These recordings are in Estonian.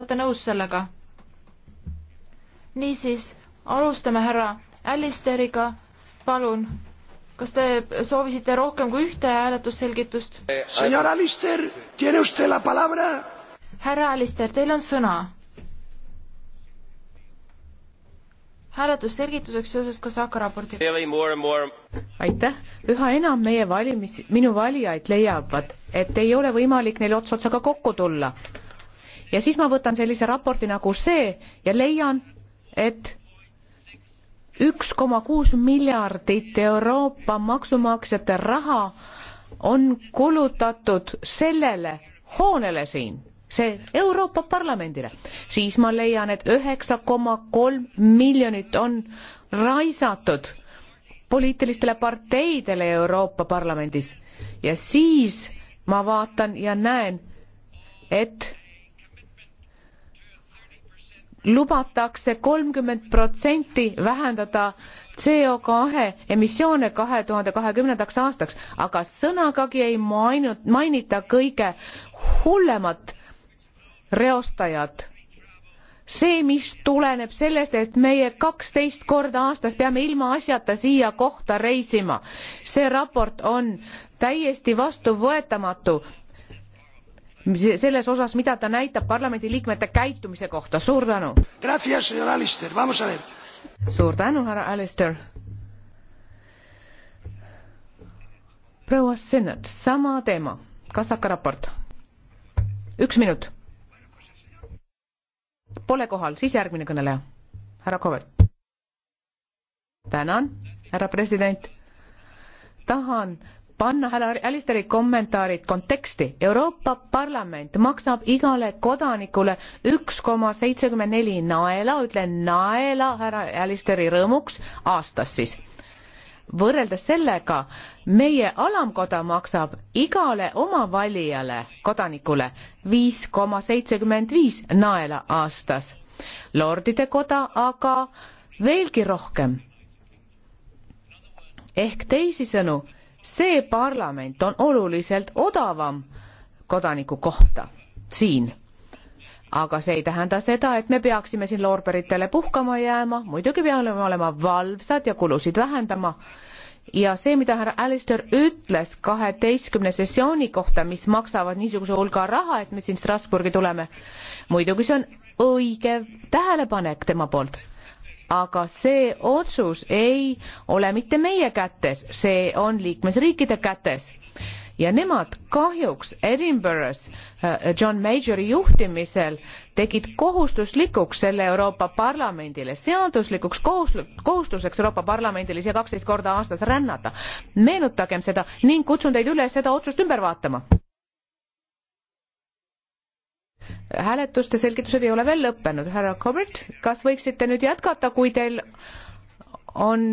olete nõus sellega? niisiis, alustame härra Alisteriga, palun. kas te soovisite rohkem kui ühte hääletusselgitust? härra Alister, teil on sõna. hääletusselgituseks seoses Kasaka raportiga. aitäh, üha enam meie valimis, minu valijaid leiavad, et ei ole võimalik neil ots otsaga kokku tulla ja siis ma võtan sellise raporti nagu see ja leian, et üks koma kuus miljardit Euroopa maksumaksjate raha on kulutatud sellele hoonele siin, see Euroopa Parlamendile, siis ma leian, et üheksa koma kolm miljonit on raisatud poliitilistele parteidele Euroopa Parlamendis ja siis ma vaatan ja näen, et lubatakse kolmkümmend protsenti vähendada CO kahe emissioone kahe tuhande kahekümnendaks aastaks, aga sõnagagi ei maininud, mainita kõige hullemat reostajat. see, mis tuleneb sellest, et meie kaksteist korda aastas peame ilmaasjata siia kohta reisima. see raport on täiesti vastuvõetamatu selles osas, mida ta näitab parlamendiliikmete käitumise kohta. suur tänu. suur tänu, härra Alister. proua Sinnert, sama teema, Kasaka raport. üks minut. Pole kohal, siis järgmine kõneleja, härra Kovert. tänan, härra president. tahan panna härra Alisteri kommentaarid konteksti. Euroopa Parlament maksab igale kodanikule üks koma seitsekümmend neli naela, ütlen naela härra Alisteri rõõmuks, aastas siis. võrreldes sellega meie alamkoda maksab igale oma valijale, kodanikule viis koma seitsekümmend viis naela aastas. lordide koda aga veelgi rohkem. ehk teisisõnu see parlament on oluliselt odavam kodaniku kohta siin. aga see ei tähenda seda, et me peaksime siin loorberitele puhkama jääma, muidugi peame olema valvsad ja kulusid vähendama ja see, mida härra Alistair ütles kaheteistkümne sessiooni kohta, mis maksavad niisuguse hulga raha, et me siin Strasbourgi tuleme, muidugi see on õige tähelepanek tema poolt, aga see otsus ei ole mitte meie kätes, see on liikmesriikide kätes ja nemad kahjuks Edinburgh's äh, John Majori juhtimisel tegid kohustuslikuks selle Euroopa Parlamendile, seaduslikuks kohustuseks Euroopa Parlamendile siia kaksteist korda aastas rännata. meenutagem seda ning kutsun teid üles seda otsust ümber vaatama hääletuste selgitused ei ole veel lõppenud. härra Corbett, kas võiksite nüüd jätkata, kui teil on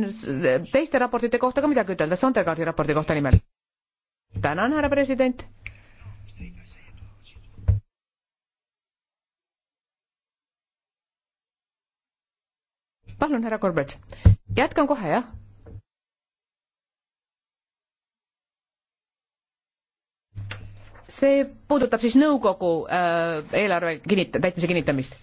teiste raportite kohta ka midagi ütelda, Sondergaardi raporti kohta nimelt? tänan, härra president. palun, härra Corbett, jätkan kohe, jah see puudutab siis nõukogu äh, eelarve kinnit-, täitmise kinnitamist.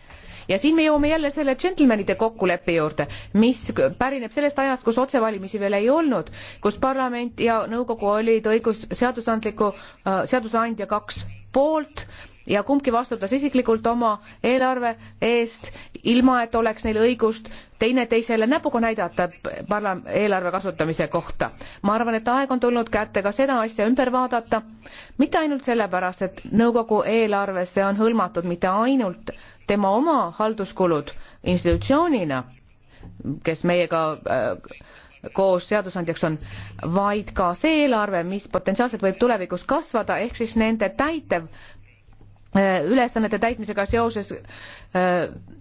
ja siin me jõuame jälle selle džentelmenide kokkuleppe juurde, mis pärineb sellest ajast, kus otsevalimisi veel ei olnud, kus parlament ja nõukogu olid õigus seadusandliku, äh, seadusandja kaks poolt ja kumbki vastutas isiklikult oma eelarve eest, ilma et oleks neil õigust teineteisele näpuga näidata parla-, eelarve kasutamise kohta. ma arvan, et aeg on tulnud kätte ka seda asja ümber vaadata, mitte ainult sellepärast, et nõukogu eelarvesse on hõlmatud mitte ainult tema oma halduskulud institutsioonina, kes meiega äh, koos seadusandjaks on, vaid ka see eelarve, mis potentsiaalselt võib tulevikus kasvada, ehk siis nende täitev Äh, ülesannete täitmisega seoses äh,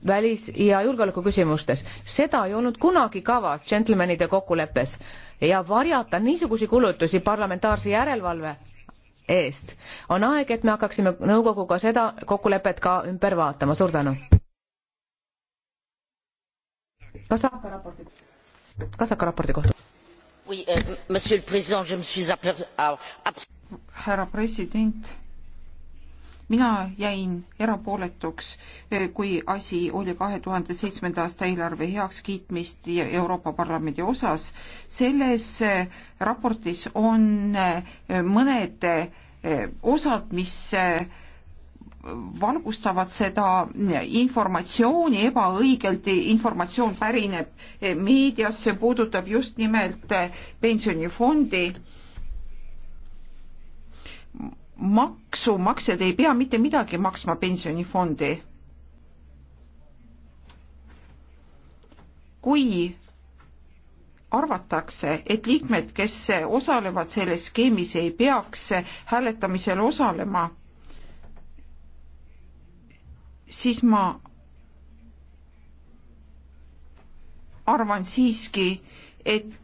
välis- ja julgeolekuküsimustes. seda ei olnud kunagi kavas džentelmenide kokkuleppes ja varjata niisugusi kulutusi parlamentaarse järelevalve eest. on aeg, et me hakkaksime nõukoguga seda kokkulepet ka ümber vaatama, suur tänu. kas saab ka raporti, kas saab ka raporti kohta? Euh, ah, härra president mina jäin erapooletuks, eh, kui asi oli kahe tuhande seitsmenda aasta eelarve heakskiitmist Euroopa Parlamendi osas. selles eh, raportis on eh, mõned osad, mis valgustavad seda informatsiooni ebaõigelt, informatsioon pärineb meediast, see puudutab just nimelt pensionifondi maksumaksjad ei pea mitte midagi maksma pensionifondi. kui arvatakse, et liikmed, kes osalevad selles skeemis, ei peaks hääletamisel osalema, siis ma arvan siiski, et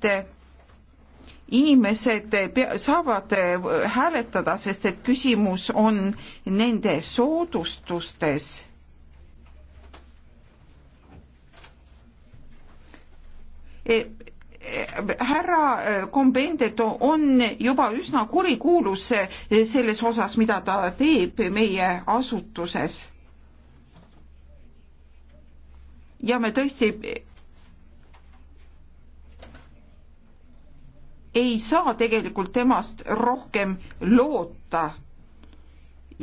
inimesed eh, saavad eh, hääletada, sest et küsimus on nende soodustustes. Eh, härra Kombendet on juba üsna kurikuulus selles osas, mida ta teeb meie asutuses. ja me tõesti ei saa tegelikult temast rohkem loota.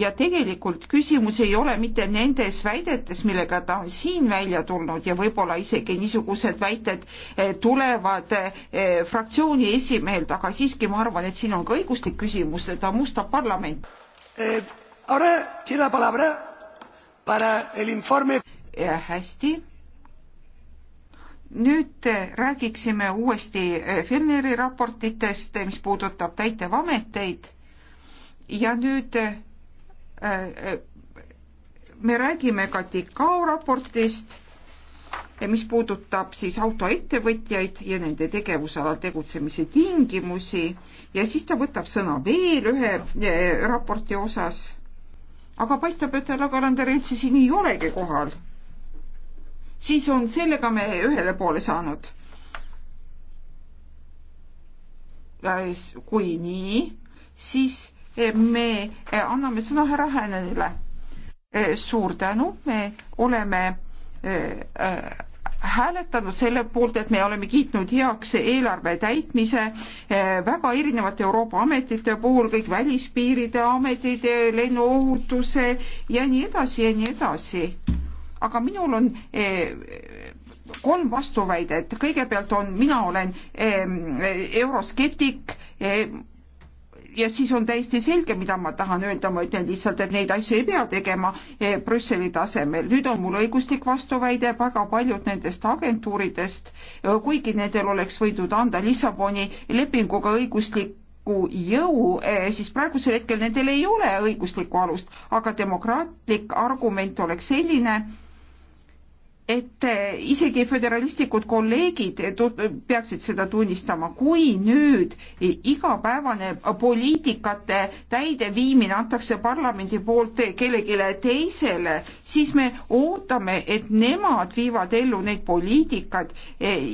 ja tegelikult küsimus ei ole mitte nendes väidetes, millega ta on siin välja tulnud ja võib-olla isegi niisugused väited eh, tulevad eh, fraktsiooni esimehelt, aga siiski ma arvan, et siin on ka õiguslik küsimus, ta mustab parlament. Eh, ahora tiene la palabra para el informe. hästi nüüd räägiksime uuesti eh, Fenneri raportitest, mis puudutab täitevameteid ja nüüd eh, eh, me räägime ka Tikao raportist, mis puudutab siis autoettevõtjaid ja nende tegevusalal tegutsemise tingimusi ja siis ta võtab sõna veel ühe raporti osas. aga paistab, et härra Kalander üldse siin ei olegi kohal siis on sellega me ühele poole saanud. kui nii, siis eh, me eh, anname sõna härra Hänenile. Eh, suur tänu, me oleme hääletanud selle poolt, et me oleme kiitnud heaks eelarve täitmise väga erinevate Euroopa ametite puhul, kõik välispiiride ametid, lennuohutuse ja nii edasi ja nii edasi aga minul on eh, kolm vastuväidet. kõigepealt on, mina olen euroskeptik ja siis on täiesti selge, mida ma tahan öelda, ma ütlen lihtsalt, et neid asju ei pea tegema eh, Brüsseli tasemel. nüüd on mul õiguslik vastuväide, väga paljud nendest agentuuridest, eh, kuigi nendel oleks võidud anda Lissaboni lepinguga õiguslik jõu, siis praegusel hetkel nendel ei ole õiguslikku alust, aga demokraatlik argument oleks selline, et isegi föderalistlikud kolleegid peaksid seda tunnistama, kui nüüd igapäevane poliitikate täideviimine antakse parlamendi poolt kellelegi teisele, siis me ootame, et nemad viivad ellu neid poliitikad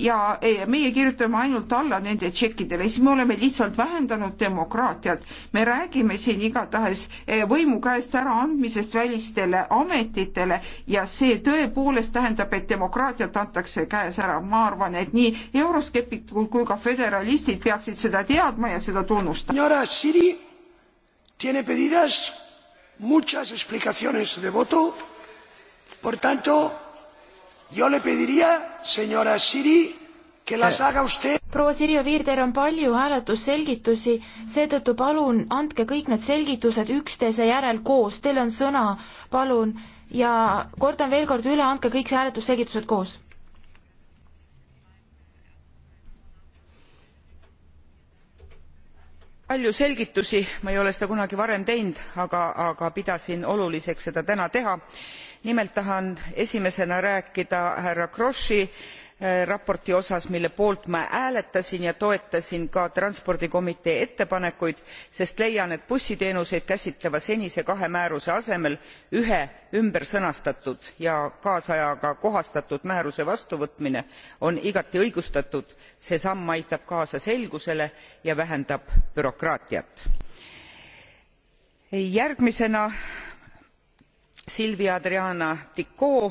ja meie kirjutame ainult alla nende tšekkidele, siis me oleme lihtsalt vähendanud demokraatiat. me räägime siin igatahes võimu käest äraandmisest välistele ametitele ja see tõepoolest tähendab ütleb, et demokraatiat antakse käes ära. ma arvan, et nii euroskeptikud kui ka föderalistid peaksid seda teadma ja seda tunnustama. Tiene pedidas muchas explicaciones de voto. Por tanto, yo le pediría, señora Siri, que las eh. haga usted proua Sirje Viirder on palju hääletusselgitusi, seetõttu palun andke kõik need selgitused üksteise järel koos, teil on sõna, palun, ja kordan veel kord üle, andke kõik hääletusselgitused koos. palju selgitusi, ma ei ole seda kunagi varem teinud, aga, aga pidasin oluliseks seda täna teha. nimelt tahan esimesena rääkida härra Kroshi Eh, raporti osas mille poolt ma hääletasin ja toetasin ka transpordikomitee ettepanekuid sest leian et bussiteenuseid käsitleva senise kahe määruse asemel ühe ümbersõnastatud ja kaasajaga kohastatud määruse vastuvõtmine on igati õigustatud see samm aitab kaasa selgusele ja vähendab bürokraatiat. järgmisena silvia adriana ticau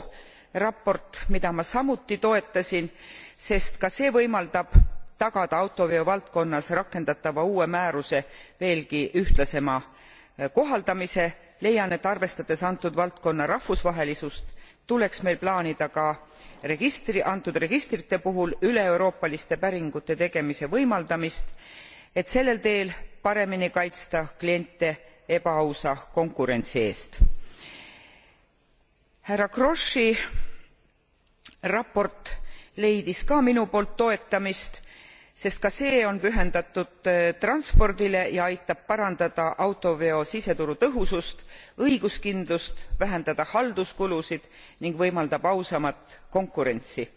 raport mida ma samuti toetasin sest ka see võimaldab tagada autoveovaldkonnas rakendatava uue määruse veelgi ühtlasema eh, kohaldamise. leian et arvestades antud valdkonna rahvusvahelisust tuleks meil plaanida ka antud registrite puhul üleeuroopaliste päringute tegemise võimaldamist et sellel teel paremini kaitsta kliente ebaausa konkurentsi eest härra grosch raport leidis ka minu poolt toetamist sest ka see on pühendatud äh, transpordile ja aitab parandada autoveo siseturu tõhusust õiguskindlust vähendada halduskulusid ning võimaldab ausamat konkurentsi.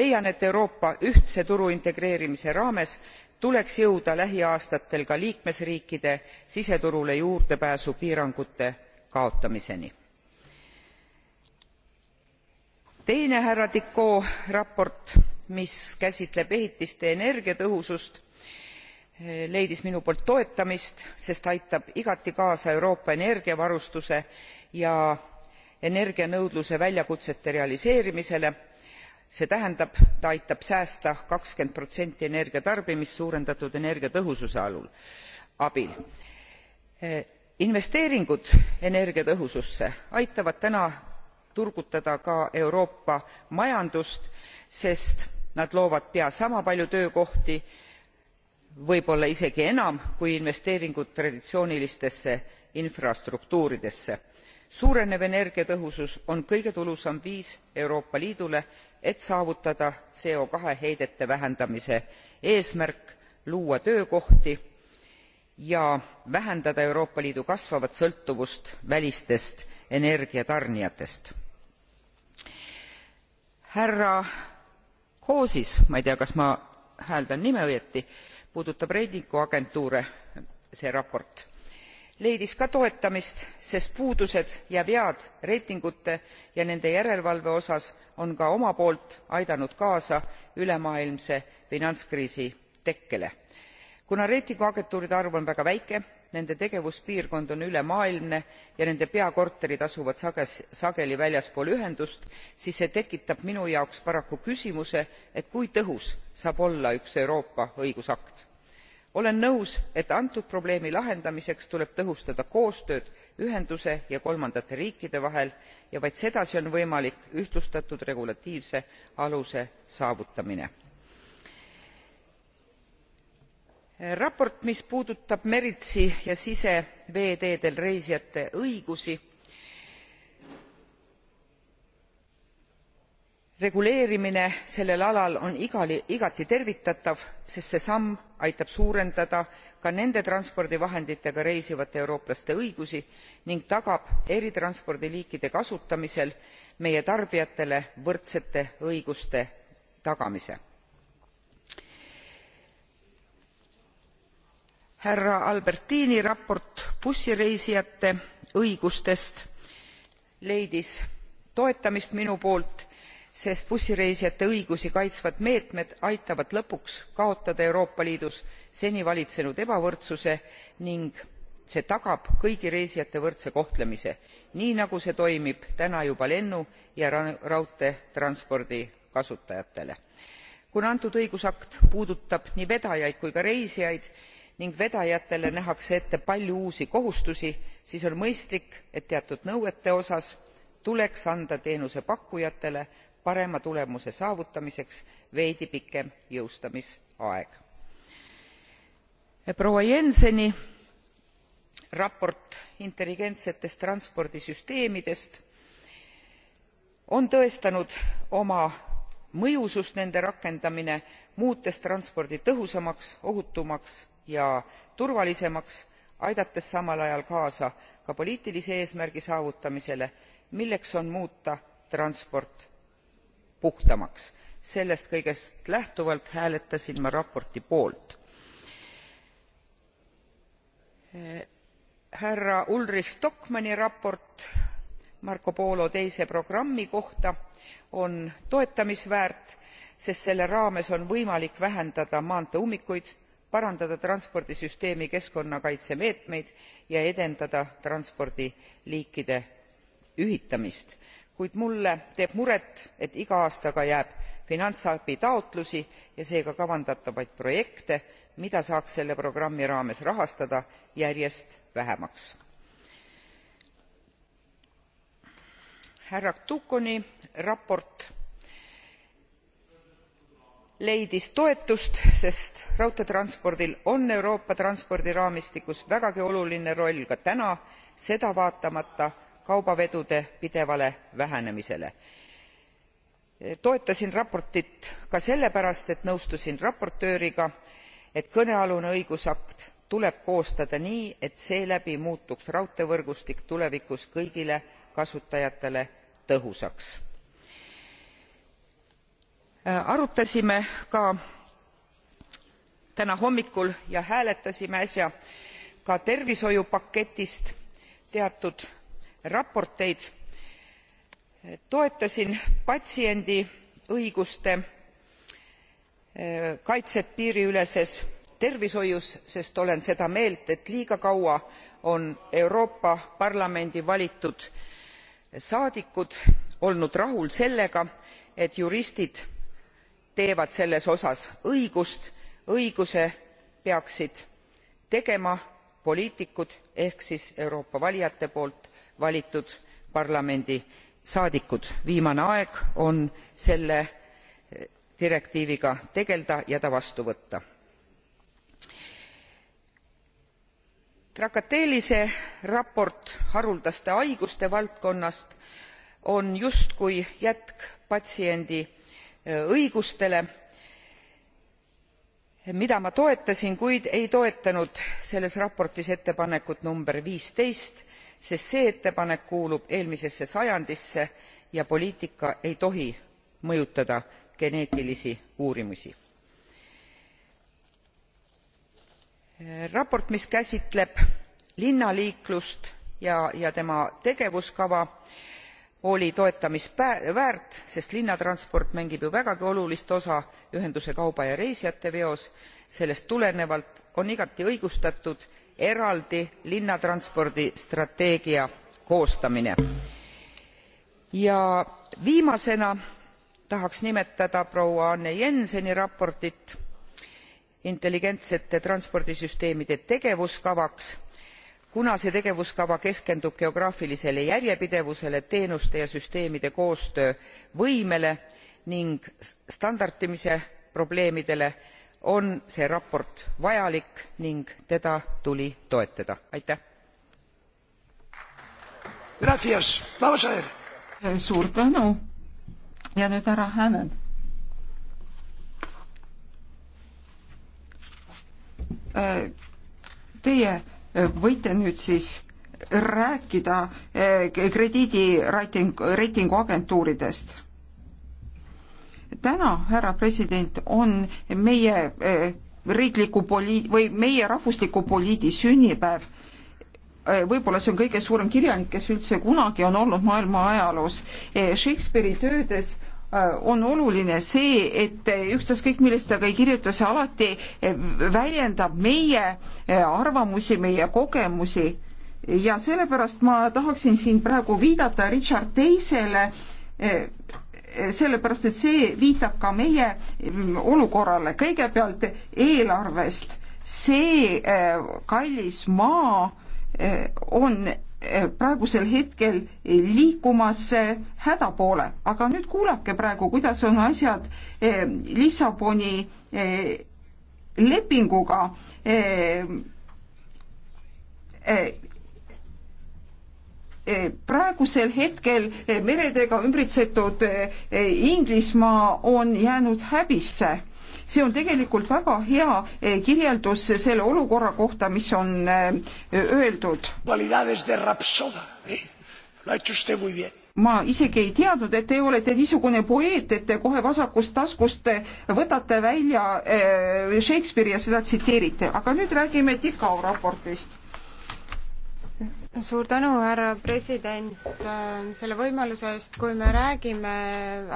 leian et euroopa ühtse turu integreerimise raames tuleks jõuda lähiaastatel ka liikmesriikide siseturule juurdepääsu piirangute kaotamiseni. teine härra ticau raport mis käsitleb ehitiste energiatõhusust leidis minu poolt toetamist sest aitab igati kaasa euroopa energiavarustuse ja energianõudluse väljakutsete realiseerimisele see tähendab ta aitab säästa energiatarbimist suurendatud energiatõhususe abil. investeeringud energiatõhususse aitavad täna turgutada ka euroopa majandust sest nad loovad pea sama palju töökohti võib-olla isegi enam kui investeeringud traditsioonilistesse infrastruktuuridesse. suurenev energiatõhusus on kõige tulusam viis euroopa liidule et saavutada co heidete vähendamise eesmärk luua töökohti ja vähendada euroopa liidu kasvavat sõltuvust välistest energiatarnijatest. härra koosis ma ei tea kas ma hääldan nime õieti puudutab reitinguagentuure see raport leidis ka toetamist sest puudused ja vead reitingute ja nende järelevalve osas on ka omalt poolt aidanud kaasa ülemaailmse finantskriisi tekkele kuna reitinguagentuuride arv on väga väike nende tegevuspiirkond on ülemaailmne ja nende peakorterid asuvad sageli väljaspool ühendust siis see tekitab minu jaoks paraku küsimuse et kui tõhus saab olla üks euroopa õigusakt. olen nõus et antud probleemi lahendamiseks tuleb tõhustada koostööd ühenduse ja kolmandate riikide vahel ja vaid sedasi on võimalik ühtlustatud regulatiivse aluse saavutamine. raport mis puudutab meritsi ja siseveeteedel reisijate õigusi reguleerimine sellel alal on igati tervitatav sest see samm aitab suurendada ka nende transpordivahenditega reisivate eurooplaste õigusi ning tagab eri transpordiliikide kasutamisel meie tarbijatele võrdsete õiguste tagamise. härra albertini raport bussireisijate õigustest leidis toetamist minu poolt sest bussireisijate õigusi kaitsvad meetmed aitavad lõpuks kaotada euroopa liidus seni valitsenud ebavõrdsuse ning see tagab kõigi reisijate võrdse kohtlemise nii nagu see toimib täna juba lennu ja raudteetranspordi kasutajatele. kuna antud õigusakt puudutab nii vedajaid kui ka reisijaid ning vedajatele nähakse ette palju uusi kohustusi siis on mõistlik et teatud nõuete osas tuleks anda teenusepakkujatele parema tulemuse saavutamiseks veidi pikem jõustamisaeg. proua jenseni raport intelligentsetest transpordisüsteemidest on tõestanud oma mõjusust nende rakendamine muutes transpordi tõhusamaks ohutumaks ja turvalisemaks aidates samal ajal kaasa ka poliitilise eesmärgi saavutamisele milleks on muuta transport puhtamaks. sellest kõigest lähtuvalt hääletasin ma raporti poolt. härra ulrich stockmanni raport marco polo ii programmi kohta on toetamist väärt sest selle raames on võimalik vähendada maanteeummikuid parandada transpordisüsteemi keskkonnakaitsemeetmeid ja edendada transpordiliikide ühitamist kuid mulle teeb muret et iga aastaga jääb finantsabitaotlusi ja seega kavandatavaid projekte mida saaks selle programmi raames rahastada järjest vähemaks. härra ctconi raport leidis toetust sest raudteetranspordil on euroopa transpordiraamistikus vägagi oluline roll ka täna seda vaatamata kaubavedude pidevale vähenemisele. toetasin raportit ka sellepärast et nõustusin raportööriga et kõnealune õigusakt tuleb koostada nii et seeläbi muutuks raudteevõrgustik tulevikus kõigile kasutajatele tõhusaks. Äh, arutasime ka täna hommikul ja hääletasime äsja ka tervishoiupaketist teatud raporteid. Äh, toetasin patsiendi õiguste äh, kaitset piiriüleses tervishoius sest olen seda meelt et liiga kaua on euroopa parlamendi valitud saadikud olnud rahul sellega et juristid teevad selles osas õigust õiguse peaksid tegema poliitikud ehk siis euroopa valijate poolt valitud parlamendisaadikud. viimane aeg on selle eh, direktiiviga tegelda ja ta vastu võtta. trakatelise raport haruldaste haiguste valdkonnast on justkui jätk patsiendi Äh, õigustele mida ma toetasin kuid ei toetanud selles raportis ettepanekut nr sest see ettepanek kuulub eelmisesse sajandisse ja poliitika ei tohi mõjutada geneetilisi uurimusi. raport mis käsitleb linnaliiklust ja tema tegevuskava oli toetamist väärt sest linnatransport mängib ju vägagi olulist osa ühenduse kauba ja reisijate veos. sellest tulenevalt on igati õigustatud eraldi linnatranspordi strateegia koostamine. ja viimasena tahaks nimetada proua anne jenseni raportit intelligentsete transpordisüsteemide tegevuskavaks kuna see tegevuskava keskendub geograafilisele järjepidevusele teenuste ja süsteemide koostöövõimele ning standardimise probleemidele on see raport vajalik ning teda tuli toetada. suur tänu ja nüüd härra hannan. Äh, teie võite nüüd siis rääkida eh, krediidireiting, reitinguagentuuridest? täna, härra president, on meie eh, riikliku poli- või meie rahvusliku poliidi sünnipäev eh, võib-olla see on kõige suurem kirjanik, kes üldse kunagi on olnud maailma ajaloos. Shakespeare'i töödes Äh, on oluline see, et ükstaskõik millest aga ei kirjuta, see alati äh, väljendab meie äh, arvamusi, meie kogemusi ja sellepärast ma tahaksin siin praegu viidata Richard teisele, sellepärast et see viitab ka meie mm, olukorrale, kõigepealt eelarvest, see kallis maa on Eh, praegusel hetkel eh, liikumas häda poole, aga nüüd kuulake praegu, kuidas on asjad eh, Lissaboni lepinguga. praegusel hetkel meredega ümbritsetud Inglismaa on jäänud häbisse see on tegelikult väga hea eh, kirjeldus selle olukorra kohta, mis on eh, öeldud. ¿eh? ma isegi ei teadnud, et te olete niisugune poeet, et te kohe vasakust taskust võtate välja Shakespeare'i ja seda tsiteerite, aga nüüd räägime Tikao raportist suur tänu, härra president, äh, selle võimaluse eest, kui me räägime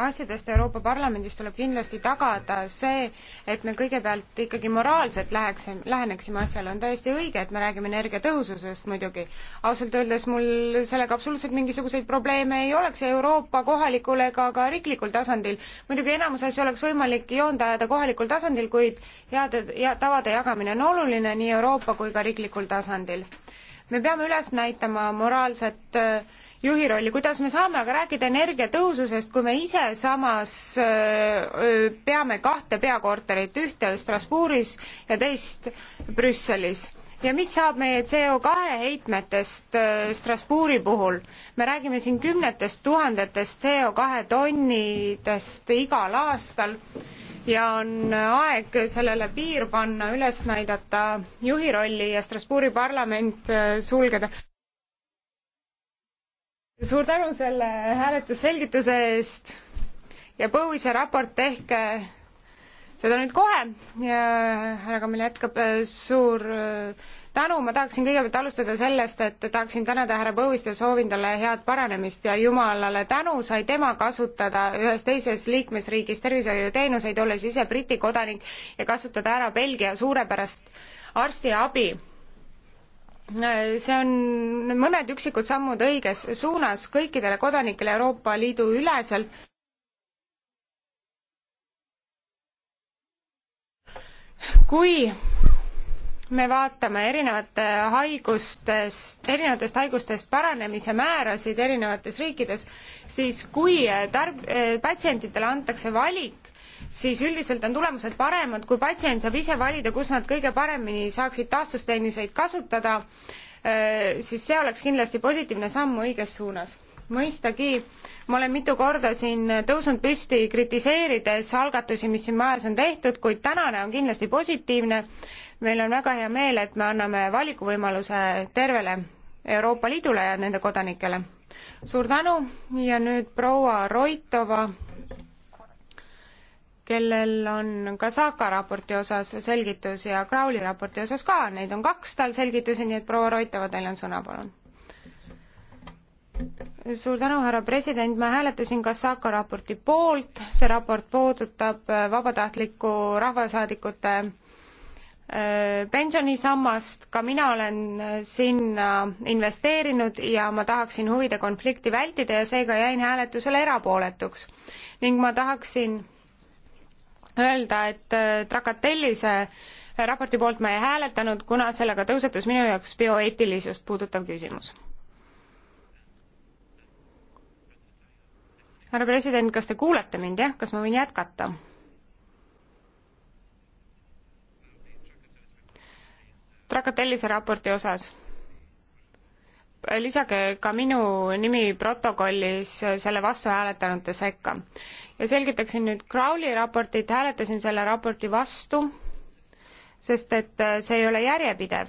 asjadest Euroopa Parlamendis, tuleb kindlasti tagada see, et me kõigepealt ikkagi moraalselt läheksime, läheneksime asjale, on täiesti õige, et me räägime energiatõhususest muidugi. ausalt öeldes mul sellega absoluutselt mingisuguseid probleeme ei oleks Euroopa kohalikul ega ka riiklikul tasandil. muidugi enamus asju oleks võimalik joonde ajada kohalikul tasandil, kuid heade ja tavade jagamine on oluline nii Euroopa kui ka riiklikul tasandil me peame üles näitama moraalset äh, juhi rolli, kuidas me saame aga rääkida energiatõhususest, kui me ise samas äh, äh, peame kahte peakorterit, ühte Strasbourgis ja teist Brüsselis ja mis saab meie CO2 heitmetest Strasbourgi puhul? me räägime siin kümnetest tuhandetest CO2 tonnidest igal aastal ja on aeg sellele piir panna, üles näidata juhi rolli ja Strasbourgi parlament äh, sulgeda. suur tänu selle hääletusselgituse eest ja Põuise raport tehke seda nüüd kohe ja härra Kamil jätkab, äh, suur äh, tänu, ma tahaksin kõigepealt alustada sellest, et tahaksin tänada härra Põuist ja soovin talle head paranemist ja jumalale tänu, sai tema kasutada ühes teises liikmesriigis tervishoiuteenuseid, olles ise Briti kodanik ja kasutada ära Belgia suurepärast arstiabi see on mõned üksikud sammud õiges suunas kõikidele kodanikele Euroopa Liidu üleselt. kui me vaatame erinevate haigustest, erinevatest haigustest paranemise määrasid erinevates riikides, siis kui tarb-, patsientidele antakse valik, siis üldiselt on tulemused paremad, kui patsient saab ise valida, kus nad kõige paremini saaksid taastusteenuseid kasutada, siis see oleks kindlasti positiivne samm õiges suunas. mõistagi ma olen mitu korda siin tõusnud püsti, kritiseerides algatusi, mis siin majas on tehtud, kuid tänane on kindlasti positiivne. meil on väga hea meel, et me anname valikuvõimaluse tervele Euroopa Liidule ja nende kodanikele. suur tänu ja nüüd proua Roitova, kellel on ka Saaka raporti osas selgitus ja Crowley raporti osas ka, neid on kaks tal selgitusi, nii et proua Roitova, teil on sõna, palun suur tänu, härra president, ma hääletasin Kasaka raporti poolt, see raport puudutab äh, vabatahtlikku rahvasaadikute äh, pensionisammast, ka mina olen äh, sinna investeerinud ja ma tahaksin huvide konflikti vältida ja seega jäin hääletusele erapooletuks. ning ma tahaksin öelda, et Trakatellise raporti poolt ma ei hääletanud, kuna sellega tõusetus minu jaoks bioeetilisust puudutav küsimus härra president, kas te kuulete mind, jah, kas ma võin jätkata? Trakatellise raporti osas. lisage ka minu nimi protokollis selle vastu hääletanute sekka. ja selgitaksin nüüd Crowley raportit, hääletasin selle raporti vastu, sest et see ei ole järjepidev.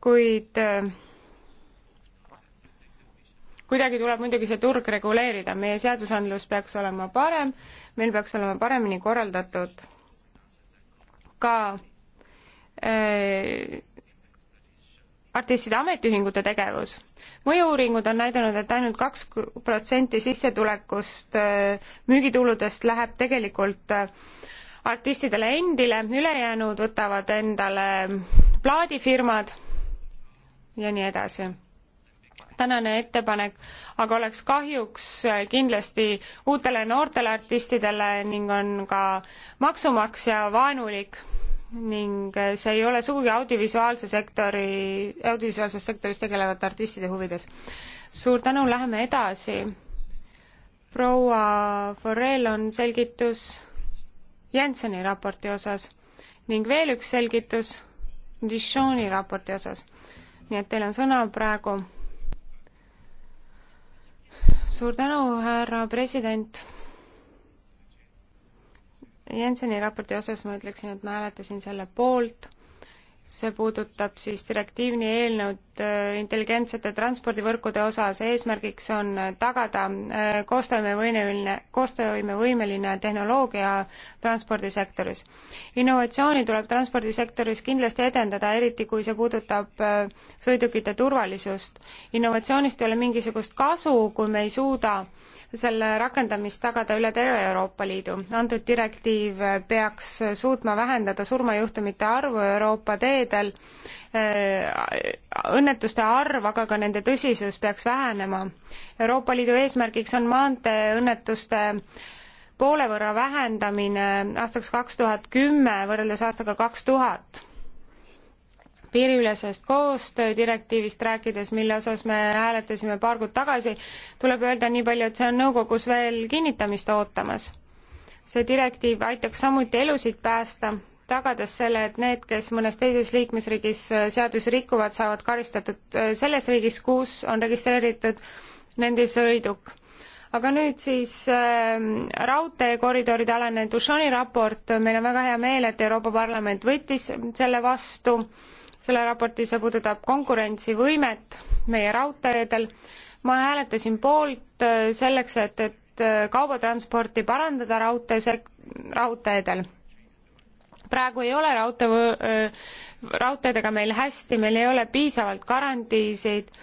kuid äh, kuidagi tuleb muidugi see turg reguleerida, meie seadusandlus peaks olema parem, meil peaks olema paremini korraldatud ka äh, artistide ametiühingute tegevus. mõju-uuringud on näidanud, et ainult kaks protsenti sissetulekust äh, müügituludest läheb tegelikult äh, artistidele endile, ülejäänud võtavad endale plaadifirmad ja nii edasi tänane ettepanek, aga oleks kahjuks kindlasti uutele noortele artistidele ning on ka maksumaksja vaenulik ning see ei ole sugugi audiovisuaalse sektori, audiovisuaalses sektoris tegelevate artistide huvides. suur tänu, läheme edasi. proua Forel on selgitus Jenseni raporti osas ning veel üks selgitus Dishoni raporti osas. nii et teil on sõna praegu suur tänu, härra president. Jenseni raporti osas ma ütleksin, et ma hääletasin selle poolt see puudutab siis direktiivni eelnõud äh, intelligentsete transpordivõrkude osas, eesmärgiks on tagada äh, koostoimevõimeline, koostoimevõimeline tehnoloogia transpordisektoris. innovatsiooni tuleb transpordisektoris kindlasti edendada, eriti kui see puudutab äh, sõidukite turvalisust. innovatsioonist ei ole mingisugust kasu, kui me ei suuda selle rakendamist tagada üle terve Euroopa Liidu. antud direktiiv peaks suutma vähendada surmajuhtumite arvu Euroopa teedel, äh, õnnetuste arv, aga ka nende tõsisus peaks vähenema. Euroopa Liidu eesmärgiks on maanteeõnnetuste poole võrra vähendamine aastaks kaks tuhat kümme võrreldes aastaga kaks tuhat piiriülesest koostöödirektiivist rääkides, mille osas me hääletasime paar kuud tagasi, tuleb öelda nii palju, et see on nõukogus veel kinnitamist ootamas. see direktiiv aitaks samuti elusid päästa, tagades selle, et need, kes mõnes teises liikmesriigis äh, seadusi rikuvad, saavad karistatud äh, selles riigis, kus on registreeritud nende sõiduk. aga nüüd siis äh, raudteekoridoride alane Dušani raport, meil on väga hea meel, et Euroopa Parlament võttis selle vastu äh, selle raporti, see puudutab konkurentsivõimet meie raudteedel. ma hääletasin poolt äh, selleks, et, et äh, kaubatransporti parandada raudteesek-, raudteedel. praegu ei ole raudtee, äh, raudteedega meil hästi, meil ei ole piisavalt garantiisid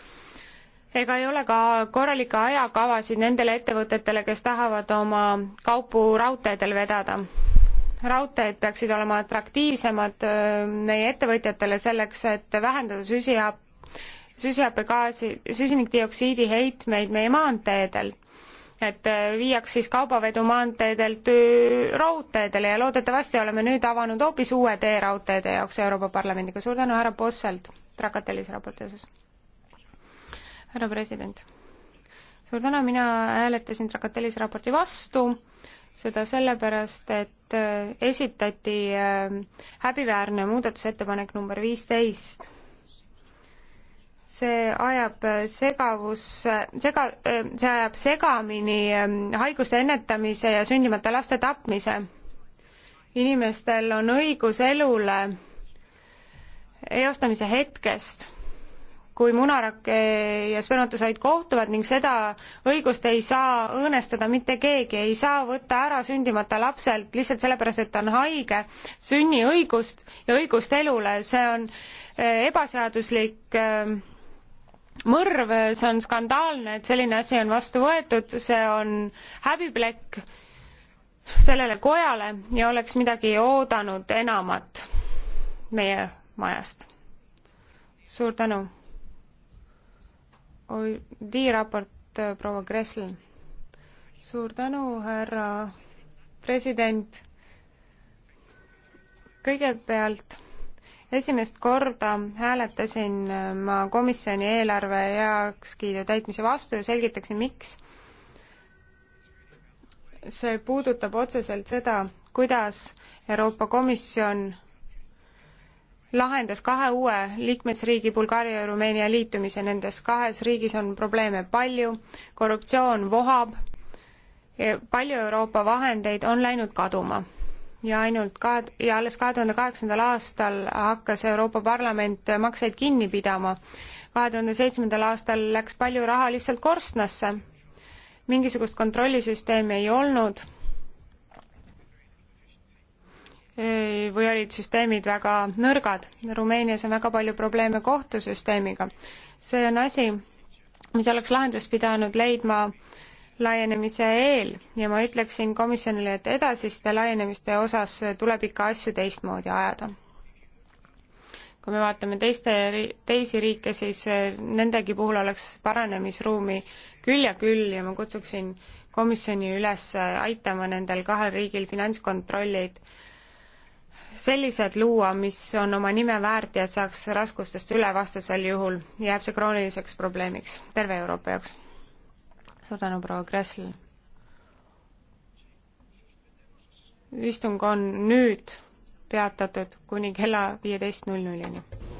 ega ei ole ka korralikke ajakavasid nendele ettevõtetele, kes tahavad oma kaupu raudteedel vedada raudteed peaksid olema atraktiivsemad äh, meie ettevõtjatele selleks, et vähendada süsihap-, süsihappegaasi, süsinikdioksiidi heitmeid meie maanteedel. et äh, viiaks siis kaubavedu maanteedelt raudteedele ja loodetavasti oleme nüüd avanud hoopis uue tee raudteede jaoks Euroopa Parlamendiga. suur tänu, härra Posselt, Trakatellis raporti osas. härra president, suur tänu, mina hääletasin Trakatellis raporti vastu, seda sellepärast, et et äh, esitati äh, häbiväärne muudatusettepanek number viisteist see ajab äh, segavusse, sega, see ajab segamini haiguste ennetamise ja sündimata laste tapmise. inimestel on õigus elule eostamise hetkest kui Munarak ja Svenotu said kohtuvad ning seda õigust ei saa õõnestada mitte keegi, ei saa võtta ära sündimata lapselt lihtsalt sellepärast, et ta on haige, sünniõigust ja õigust elule, see on eh, ebaseaduslik eh, mõrv, see on skandaalne, et selline asi on vastu võetud, see on häbiplekk sellele kojale ja oleks midagi oodanud enamat meie majast. suur tänu! Oidi raport äh, proua Kressl. suur tänu, härra president. kõigepealt esimest korda hääletasin äh, ma komisjoni eelarve heakskiidu täitmise vastu ja selgitaksin, miks. see puudutab otseselt seda, kuidas Euroopa Komisjon lahendas kahe uue liikmesriigi, Bulgaaria ja Rumeenia liitumise, nendes kahes riigis on probleeme palju, korruptsioon vohab, palju Euroopa vahendeid on läinud kaduma ja ainult ka- ja alles kahe tuhande kaheksandal aastal hakkas Euroopa Parlament makseid kinni pidama. kahe tuhande seitsmendal aastal läks palju raha lihtsalt korstnasse, mingisugust kontrollisüsteemi ei olnud või olid süsteemid väga nõrgad. Rumeenias on väga palju probleeme kohtusüsteemiga. see on asi, mis oleks lahendust pidanud leidma laienemise eel ja ma ütleksin komisjonile, et edasiste laienemiste osas tuleb ikka asju teistmoodi ajada. kui me vaatame teiste, teisi riike, siis eh, nendegi puhul oleks paranemisruumi küll ja küll ja ma kutsuksin komisjoni üles aitama nendel kahel riigil finantskontrollid äh, sellised luua, mis on oma nime väärt ja et saaks raskustest üle, vastasel juhul jääb see krooniliseks probleemiks terve Euroopa jaoks. suur tänu, proua Kressl. istung on nüüd peatatud kuni kella viieteist null nullini.